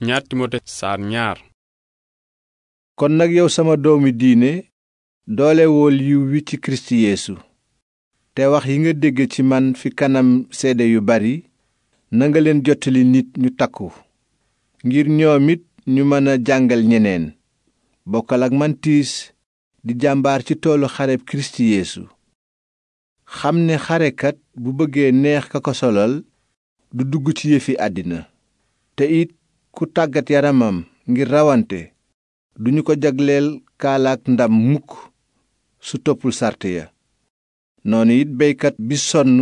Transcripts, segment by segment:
ñaar timote saar ñaar kon nag yow sama doomi diine doolewool yiw wi ci kirist yeesu te wax yi nga dégg ci man fi kanam seede yu bari nanga leen jottali nit ñu takku ngir ñoom it ñu mën a jàngal ñeneen bokkal ak mantiis di jàmbaar ci toolu xareb kirist yeesu xam ne xarekat bu bëggee neex ka ko solal du dugg ci yëfi àddina te it ku tàggat yaramam ngir rawante duñu ko jagleel kaalaak ndam mukk su toppul sàrt ya noonu it beykat bi sonn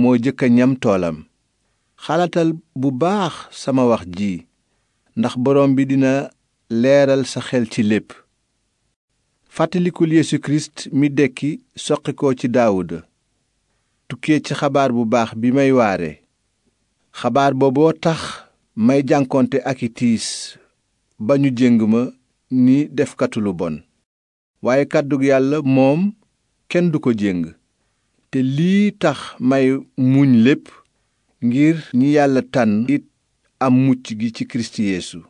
moo jëkk a ñam toolam xalaatal bu baax sama wax ji ndax borom bi dina leeral sa xel ci lépp fàttalikul Yeesu Kirist mi dekki soqi ko ci Daawuda tukkee ci xabaar bu baax bi may waare xabaar booboo tax may jànkonte ak i tiis ba ñu jéng ma ni defkatu bon waaye kàddug yàlla moom kenn du ko jéng te lii tax may muñ lépp ngir ñi yàlla tànn it am mucc gi ci kirist yeesu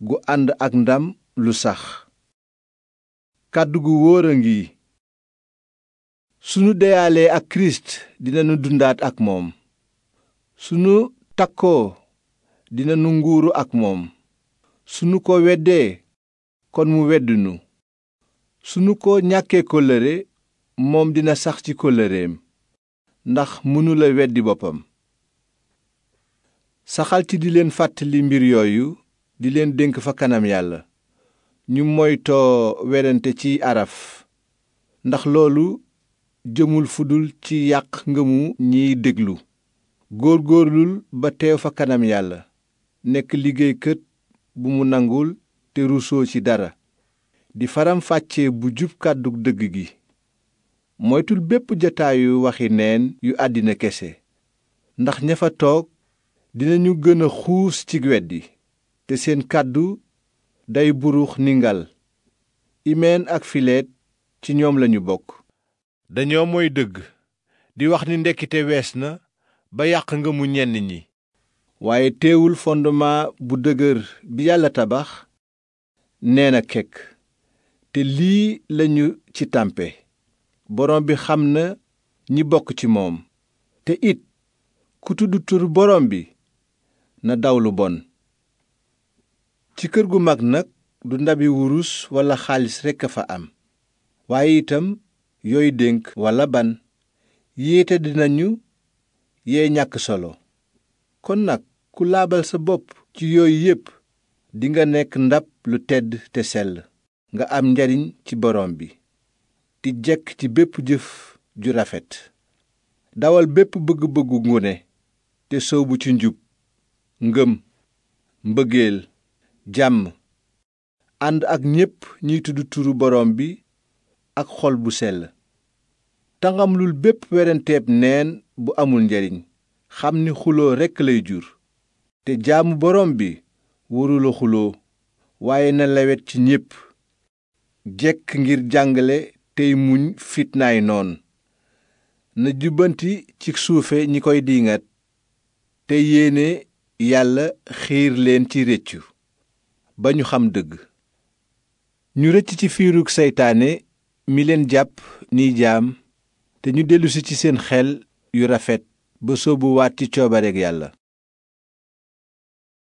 gu ànd ak ndam lu sax kàddu gu wóor a ngi sunu ak kirist dinanu dundaat ak moom sunu takkoo dina nu nguuru ak moom sunu ko weddee kon mu weddinu sunu ko ñàkkee kóllëre moom dina sax ci kóllëreem ndax mënula weddi boppam saxal di leen fàttali mbir yooyu di leen dénk fa kanam yàlla ñu moytoo werante ci araf ndax loolu jëmul fudul ci yàq nga mu ñiy déglu góorgóorlul ba teew fa kanam yàlla nekk liggéeykat bu mu nangul te rusoo ci dara di faramfàccee bu jub kàddu dëgg gi moytul bépp jataayu waxi neen yu àddina kese ndax ña fa toog dinañu gën a xuus ci weddi te seen kàddu day burux ni ngal imeen ak fileet ci ñoom lañu bokk dañoo moy dëgg di wax ni ndekkite wees na ba yàq nga mu ñenn ñi waaye teewul fondement bu dëgër bi yàlla tabax nee na kekk te lii lañu ci tàmpe borom bi xam na ñi bokk ci moom te it ku tudd tur borom bi na daw lu bon ci kër gu mag nag du ndabi wurus walla xaalis rekk a fa am waaye itam yooyu dénk walla ban yéete dinañu yee ñàkk solo kon nag ku laabal sa bopp ci yooyu yépp dinga nekk ndab lu tedd te sell nga am njariñ ci boroom bi di jekk ci bépp jëf ju rafet dawal bépp bëgg-bëggu ngone te bu ci njub ngëm mbëggeel jàmm ànd ak ñépp ñiy tudd turu boroom bi ak xol bu sell tangamlul bépp werenteeb neen bu amul njariñ xam ni xuloo rekk lay jur te jaamu borom bi warula xuloo waaye na lawet ci ñépp jekk ngir jàngale tey muñ fitnaay noon na jubbanti ci suufe ñi koy diingat te yéene yàlla xiir leen ci réccu ba ñu xam dëgg ñu rëcc ci fiirug seytaane mi leen jàpp ni jaam te ñu dellusi ci seen xel yu rafet ba sóobuwaat ci coobareg yàlla